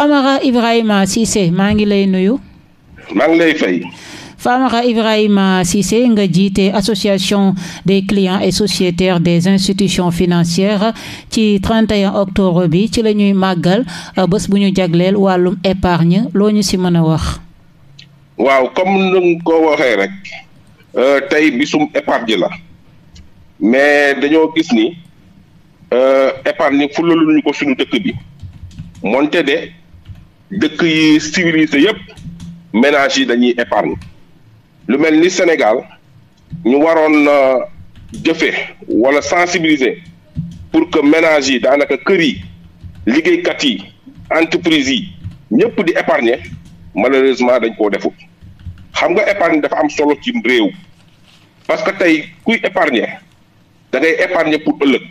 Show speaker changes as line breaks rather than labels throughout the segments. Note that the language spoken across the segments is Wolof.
Famara Ibrahima Cissé maa ngi lay nuyu.
maa ngi lay fay.
Famara Ibrahima Cissé nga jiite association des clients et sociétaires des institutions financières ci 31 octobre bi ci la ñuy màggal euh, bés bu ñu jagleel wàllum épargne loo ñu si mën a wax.
waaw comme ni nga ko waxee rek euh, tey bisum épargne la mais dañoo gis ni euh, épargne fulaluñu ko suñu dëkk bi moonte de. dëkk yi civilisé yëpp ménages yi dañuy épargne lu mel ni Sénégal ñu waroon na euh, jëfe wala sensibiliser pour que ménages yi daanaka kër yi liggéeykat yi entreprise yi ñëpp di épargner malheureusement dañ koo defu xam nga épargne dafa am solo ci réew parce que tey kuy épargner da épargne épargner pour ëllëg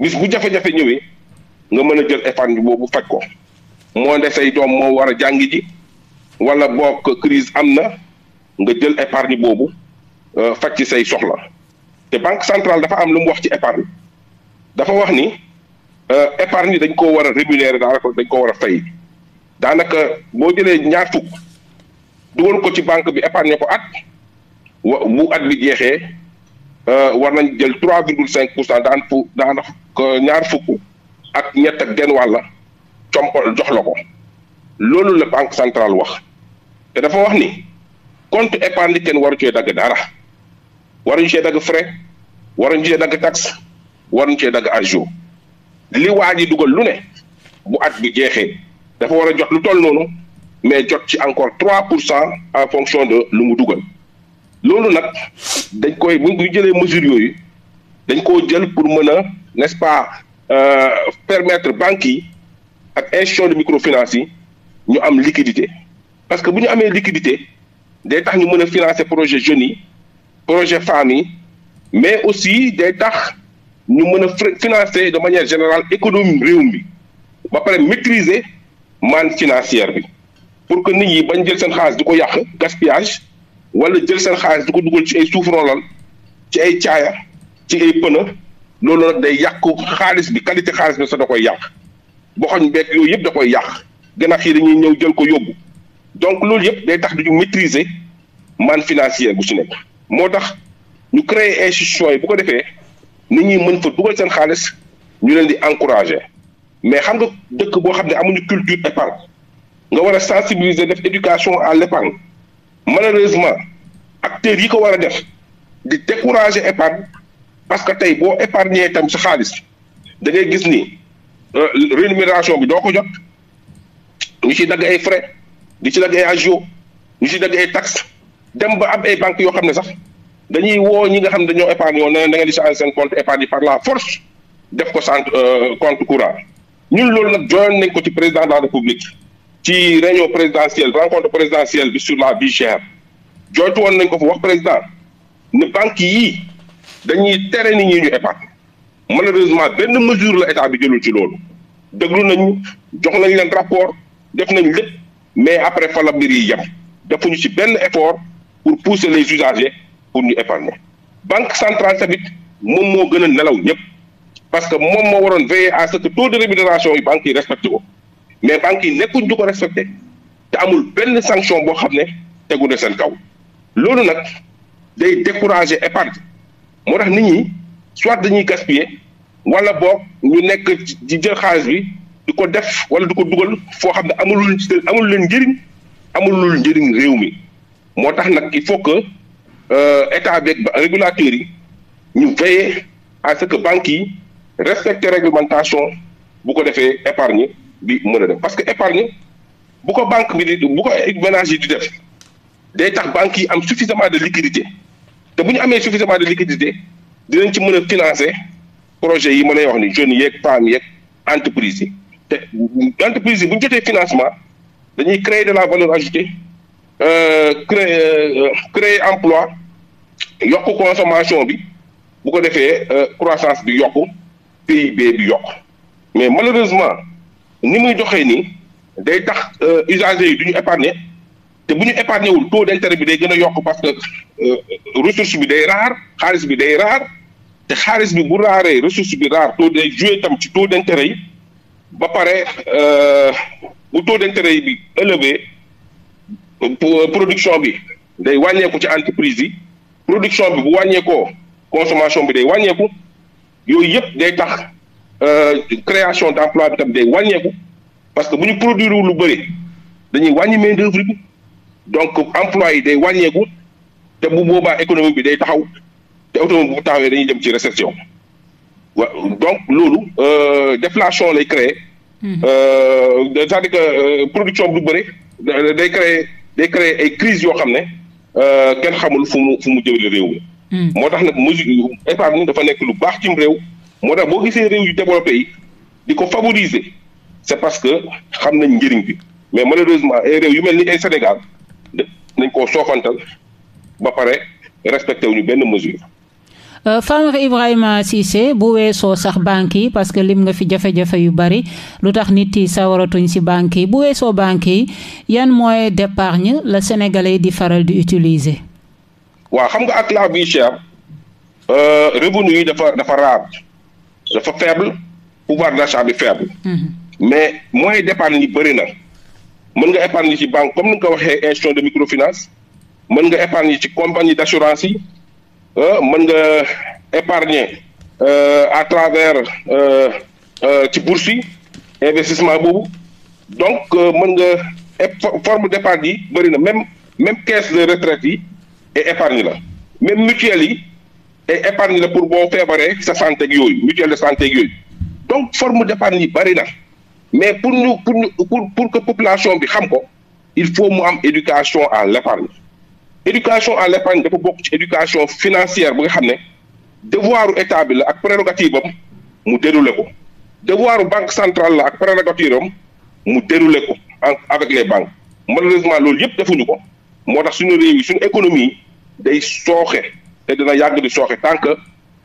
bis bu jafe-jafe ñëwee nga mën a jël épargne boobu faj ko moo ne say doom moo war a jàngi ji wala boog crise am na nga jël épargne boobu euh, faj ci say soxla te banque centrale dafa am lu mu wax ci épargne dafa wax ni euh, épargne dañ koo war a rémunérer daanaka dañ ko war a fay daanaka boo jëlee ñaar fukk dugal ko ci banque bi épargne ko at wa bu at bi jeexee euh, war nañ jël trois virgule cinq pour cent daan fu daanaka ñaar fukk ak ñett ak genn wàlla compal jox la ko loolu la banque centrale wax te dafa wax ni compte épargne kenn waru cee dagg dara waruñu cee dagg frais waruñu cee dagg taxe waruñu cee dagg ajout li waa ji dugal lu ne bu at bi jeexee dafa war a jot lu toll noonu mais jot ci encore trois pour cent en fonction de lu mu dugal loolu nag dañ koy bu ñu jëlee mesures yooyu dañ koo jël pour mën a n'est-ce pas euh, permettre banques yi ak institution de microfinance yi ñu am liquidité parce que bu ñu amee liquidité day tax ñu mën a financer projet jeunes yi projet femmes yi mais aussi day tax ñu mën a financer de manière générale économie réew mi ba pare maîtriser manne financière bi pour que nit ñi bañ jël seen xaalis di ko yàq gaspillage wala jël seen xaalis di ko dugal ci ay suuf roolal ci ay caaya ci ay pëna loolu nag day yàqu xaalis bi qualité xaalis bi sax koy yàq boxoñ beeg yooyu yëpp da koy yàq ganax yi dañuy ñëw jël ko yóbbu donc loolu yëpp day tax duñu maîtriser manne financière gu ci nekk moo tax ñu créer institution yi bu ko defee nit ñi mën fa dugal seen xaalis ñu leen di encourager mais xam nga dëkk boo xam ne amuñu culture épargne nga war a sensibiliser def éducation à l'épargne malheureusement acteur yi ko war a def di décourager épargne parce que tey boo épargner tam sa xaalis da ngay gis ni Euh, rémunération bi doo ko jot ñu ci dagg ay frais di ci dagg ay agio ñu ci dagg ay taxes dem ba am ay banques yoo xam ne sax dañuy woo ñi nga xam ne dañoo épargne woon na leen da ngeen di changer seen compte épargne par la force def ko sant euh, compte courant ñun loolu nag jooyoon nañ ko ci président de la république ci réunion présidentielle rencontre présidentielle bi sur la vie chère jooytu woon nañ ko fu wax président ne banque yi dañuy tere nit ñi ñu épargne malheureusement benn mesure la état bi jëlul ci loolu déglu nañu jox nañ leen rapport def nañ lépp mais après fa la mbir yi yem defuñu ci benn effort pour pousser les usagers pour ñu épargner banque centrale tamit moom moo gën a nelaw ñëpp parce que moom moo waroon veiller à ce que taux de rémunération yi banques yi respecté ko mais banque yi nekkuñ du ko respecté te amul benn sanction boo xam ne tegu na seen kaw loolu nag day décourager épargne moo tax nit ñi soit dañuy gaspiller wala boog ñu nekk ci jël xaalis bi di ko def wala du ko dugal foo xam ne amulul amul leen njëriñ amulul njëriñ réew mi moo tax nag il faut que euh, état beeg régulateurs yi ñu veiller à que banques yi respecter réglementation bu ko defee épargne bi mën a def parce que épargne bu ko banque bi di bu ko ménage yi di def day tax banque yi am suffisamment de liquidité te bu ñu amee suffisamment de liquidité dinañ ci mën a financer projet yi ma lay wax ni jeunes yeeg PAM yeeg entreprise yi te entreprise yi bu ñu jotee financement dañuy créer de la valeur ajoutée euh, créer euh, créer emploi yokk consommation bi bu ko defee euh, croissance bi yokk PIB bi yokk mais malheureusement ni muy doxee nii day tax usagers yi du ñu épargner te bu ñu épargner wul taux d'intérêt bi day gën a yokk parce que ressource bi day raar xaalis bi day raar te xaalis bi bu raaree ressource bi raar taux day joué tam ci taux d' intérêt yi ba pare euh, bu taux d' yi bi élevé euh, production bi day wàññeeku ci entreprise yi production bi bu wàññeekoo consommation bi day wàññeeku yooyu yëpp day tax euh, création d' emploi bi tam day wàññeeku parce que bu ñu produire lu bëri dañuy wàññi donc emploi yi day wàññeeku te bu boobaa économie bi day taxaw te oto moom bu taxawee dañuy dem ci récession wa donc loolu euh, déflation lay créer hmm. euh, c'est-à-dire que euh, production bu bëri day créer day créer ay crises yoo xam ne kenn xamul fu mu fu mu jëmale réew hmm. moo tax nag mesure épargne dafa nekk lu baax cim réew moo tax boo gisee réew yu développé yi di ko favoriser c'est parce que xam nañ njëriñ bi mais malheureusement ay réew yu mel ni ay Sénégal nañ koo soofantal ba pare respecté wuñu benn mesure
Euh, Famara Ibrahima Cissé bu weesoo sax banques yi parce que lim nga fi jafe-jafe yu bari lu tax nit yi sawaratuñ ci banques yi bu weesoo banque yi yan mooy d'épargne la yi di faral di utiliser.
waa xam nga ak la vie chère euh, revenu yi dafa dafa rare dafa faible pouvoir d'achat bi faible. Mhm. mais moyen d'épargne yi bëri na. mën nga épargne ci banque comme ni nga ko waxee institution de microfinance mën nga épargne ci compagnie d'assurance yi. Euh, mën nga épargner euh, à travers euh, ci bourse investissement boobu donc mën nga forme d'épargne yi bëri na même même caisse de retraite yi et épargne la même mutuelle yi et épargne la pour boo feebaree sa santé ak yooyu mutuelle de santé ak yooyu donc forme d'épargne yi bëri na mais pour ñu pour pour pour que population bi xam ko il faut mu am éducation à l'épargne éducation à l'épargne dafa bokk ci éducation financière bi nga xam ne devoiru état bi la ak prérogative am mu déroulé ko devoiru banque centrale la ak prérogative am mu déroulé ko avec les banques malheureusement loolu yëpp defuñu ko moo tax suñu réew su suñu économie day sooxe te a yàgg di sooxe tant que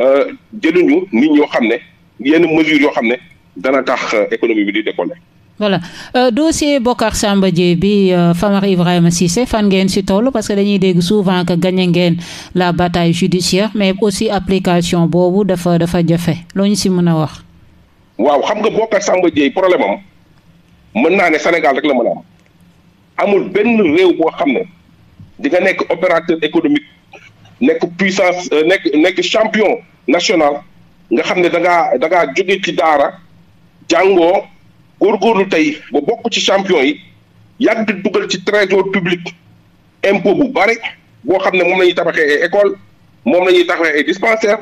euh, jëluñu nit ñoo xam ne yenn mesures yoo xam ne dana tax euh, économie bi di décoller
voilà euh, dossier Bocar Samba Dièye bi euh, Famara si Cissé fan ngeen ci toll parce que dañuy dégg souvent que gagné ngeen la bataille judiciaire mais aussi application boobu dafa dafa jafe loo ñu si mën a wax.
waaw xam nga Bocar Samba Dièye problème am mën naa ne Sénégal rek la mën a am amul benn réew boo xam ne di nga nekk opérateur économique nekk puissance euh, nekk nekk champion national nga xam ne da ngaa da ngaa jóge ci daara jàngoo. góorgóorlu tey ba bokk ci champion yi yàgg di dugal ci trésor public impôt bu bare boo xam ne moom lañuy ñuy tabaxee ay école moom la ñuy tabaxee ay dispensaire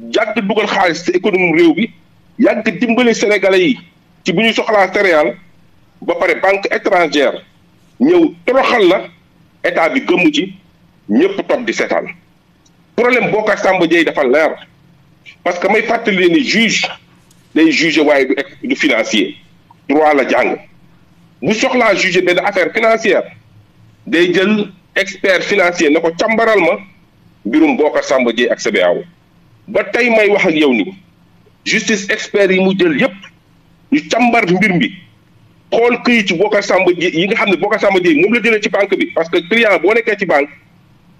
yàgg dugal xaalis ci économie réew bi yàgg dimbali sénégalais yi ci bu ñu soxlaa céréale ba pare banque étrangère ñëw toroxal la état bi gëmmu ci ñëpp toog di setal problème Bocar Samba Dièye dafa leer parce que may fàttali ni juge day juge waaye du du financier droit la jàng bu soxlaa juger benn affaire financière day jël expert financier na ko càmbaral ma mbirum Bocar Samba Dièye ak CBAO ba tey may wax ak yow ni justice expert yi mu jël yépp ñu càmbar mbir mi xool këyit ci Bocar Samba Dièye yi nga xam ne Bocar Samba Dièye moom la jëlee ci banque bi parce que client boo nekkee ci banque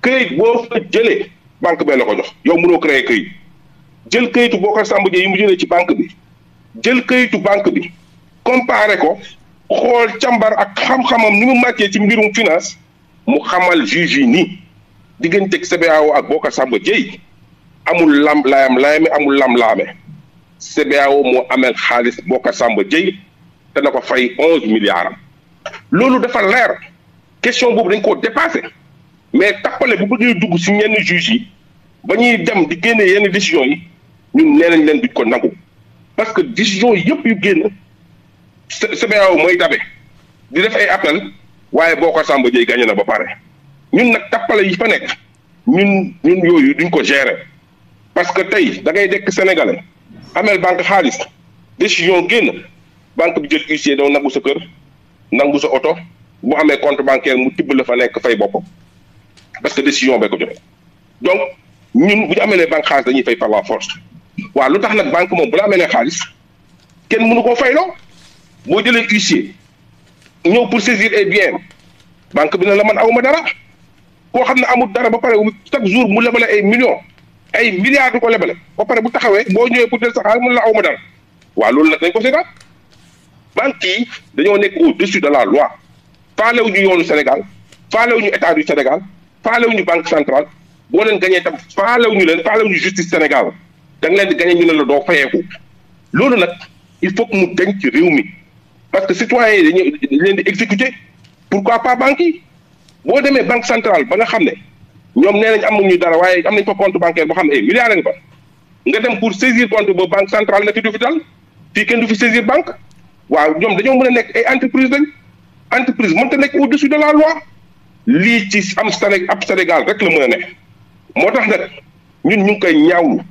këyit boo fa jëlee banque bee la ko jox yow mënoo créer këyit jël këyitu Bocar Samba Dièye yi mu jëlee ci banque bi jël këyitu banque bi comparé ko xool càmbar ak xam-xamam ni mu màccee ci mbirum finance mu xamal juge yi nii digganteeg CBAO ak Bocar Samba Dièye amul lam layam layame amul lam laame CBAO moo ameel xaalis Bocar Samba Dièye te na ko fay onze milliards loolu dafa leer question boobu dañ koo dépassé mais tappale bu bëggee dugg ci ñenn juge yi ba ñuy dem di génne yenn décisions yi ñu nee nañ leen duñ ko nangu parce que décision yëpp yu génn CBAO mooy tabe di def ay appel waaye boo ko Samba Dièye gagné na ba pare ñun nag tappale yi fa nekk ñun ñun yooyu duñ ko gere parce que tey da ngay dekk sénégalais amel banque xaalis décision génn banque bi jël huissier daw nangu sa kër nangu sa oto bu amee compte banque mu tibb la fa nekk fay boppam parce que décision bee ko joxe donc ñun bu ñu amee banque xaalis dañuy fay par la force waaw lu tax nag banque moom bu la amee xaalis kenn mënu koo fayloo boo jëlee huissier ñëw pour saisir et bien banque bi na la man awma dara koo xam ne amul dara ba pare chaque jour mu lebale ay million ay milliards du ko lebale ba pare bu taxawee boo ñëwee pour jël sa xaalis mun la awma dara waaw loolu nag dañ ko seetaan banque yi dañoo nekk au-dessus de la loi ñu yoonu Sénégal faalewuñu état du Sénégal faalewuñu banque centrale boo leen gañee tam ñu leen faalewuñu justice Sénégal da nga leen di gañee ñu ne la doo fayeeku loolu nag il faut mu dañ ci réew mi parce que citoyens yi dañu leen di exécuter pourquoi pas banques yi boo demee banque centrale ba nga xam ne ñoom nee nañ amuñu dara waaye am nañ fa compte bancaire boo xam ne ay milliards nga fa nga dem pour saisir compte ba banque centrale nekk du fi dal fii kenn du fi saisir banque waaw ñoom dañoo mën a nekk ay entreprise lañ entreprise mënta nekk au-dessus de la loi lii ci am Sénégal ab Sénégal rek la mën a moo tax nag ñun ñu ngi koy ñaawlu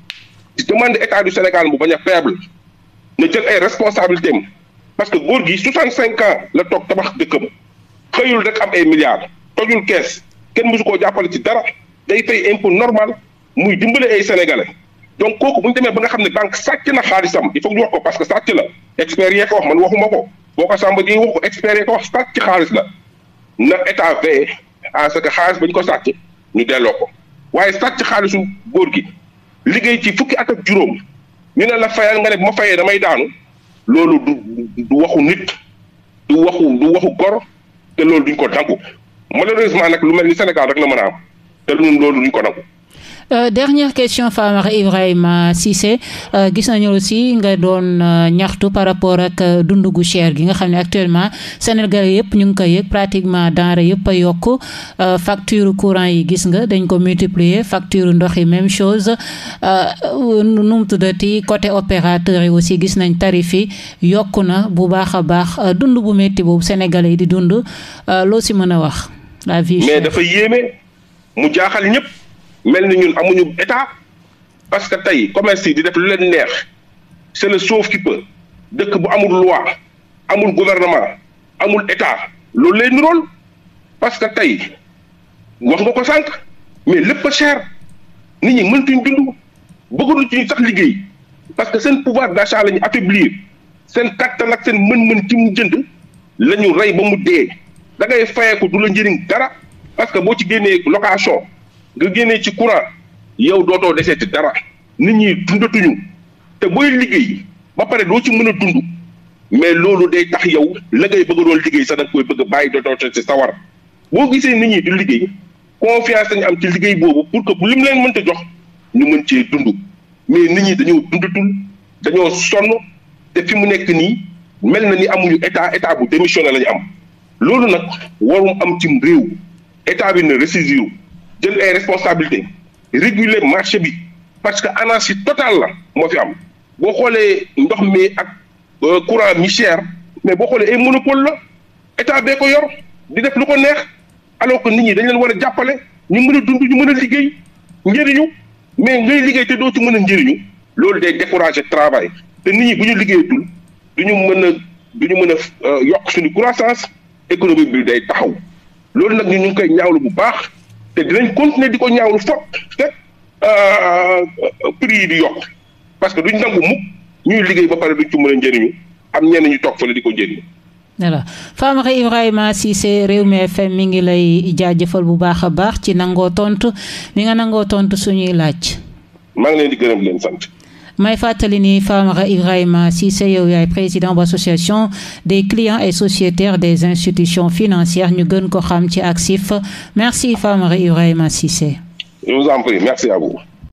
di demander état du Sénégal bu bañ a faible na jël ay responsabilités parce que góor gi 65 ans la toog tabax dëkkam xëyul rek am ay milliards tojul kees kenn mësu koo jàppale ci dara day fay impôt normal muy dimbale ay sénégalais donc kooku bu ñu demee ba nga xam ne banque sàcc na xaalisam il faut ñu wax ko parce que sàcc la expert yee ko wax man waxuma ko boo ko sàcc xaalis na état veillé à que xaalis ba ko sàcc ñu delloo ko waaye sàcc xaalisu góor gi liggéey ci fukki at ak juróom ñu ne la fayal nga ne bu ma fayee damay daanu loolu du du waxu nit du waxu du waxu gor te loolu duñ ko dangu malheureusement nag lu mel ni senegal rek la mën a am te ñun loolu duñ ko dangu
Euh, dernière question Famara Ibrahima Cissé euh, gis nañu aussi nga doon euh, ñaxtu par rapport ak dund gu cher gi nga xam ne actuellement Sénégal yëpp ñu ngi koy yëg pratiquement denrée yëpp a yokk facture courant yi gis nga dañ ko multiplier facture ndox yi même chose nu mu ti côté opérateur yi aussi gis nañ tarif yi yokk na bu baax a baax dund bu métti boobu Sénégalais yi di dund loo si mën a wax mais dafa
yéeme mu jaaxal ñëpp mel ni ñun amuñu état parce que tey commerce yi di def lu leen neex c'est le sauve qui dëkk bu amul loi amul gouvernement amul état loolu lay nirool parce que tey wax nga ko sànq mais lépp a cher nit ñi mëntuñ dund bëgguñu ci sax liggéey parce que seen pouvoir d'achat la ñu affaiblir seen kattan ak seen mën-mën ci mu jënd la ñu rey ba mu dee da ngay fayeeku du la njëriñ dara parce que boo ci génnee location nga génnee ci courant yow dootoo deseeti dara nit ñi dundatuñu te booy liggéey ba pare doo ci mën a dund mais loolu day tax yow la ngay bëgg doon liggéey sax da nga koy bëgg a bàyyi dootoo ci sawar boo gisee nit ñi du liggéey confiance dañu am ci liggéey boobu pour que bu lim leen mënta jox ñu mën cee dund mais nit ñi dañoo dundatul dañoo sonn te fi mu nekk nii mel na ni amuñu état état bu démissionné la ñu am loolu nag warum am cim réew état bi ne ressaisir jël ay responsabilité réguler marché bi parce que anarchie totale la moo fi am boo xoolee ndox mi ak euh, courant mi cher mais boo xoolee ay monopole la état bee ko yor di def lu ko neex alors que nit ñi dañ leen war a jàppale ñu mën a dund ñu mën a liggéey njëriñu mais ngay liggéey te doo ci mën a njëriñu loolu day décourager travail te nit ñi bu ñu liggéeyatul du ñu mën a du ñu mën a euh, yokk suñu croissance économique bi day taxaw loolu nag ñu ngi koy ñaawlu bu baax te dinañ continuer di ko ñaawlu foog fekk euh, prix yi di yokk parce que duñ nangu mukk ñuy liggéey ba pare duñ ci njëriñu am ñenn ñu toog fële di ko njëriñu.
voilà Famara Ibrahima Cissé Rewmi FM mi ngi lay jaajëfal bu baax a baax ci nangoo tontu mi nga nangoo tontu suñuy laaj.
maa ngi leen di gërëm leen sant.
may fàttali ni Famara Ibrahima Cissé yow yaay président bu association des clients et sociétaires des institutions financières ñu gën ko xam ci ACSIF merci Famara Ibrahima Cissé.
Je vous en prie, merci à vous.